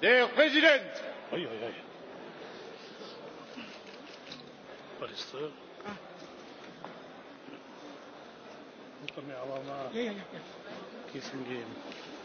Der Präsident! Oi, oi, oi. What is mir aber mal Kissen geben.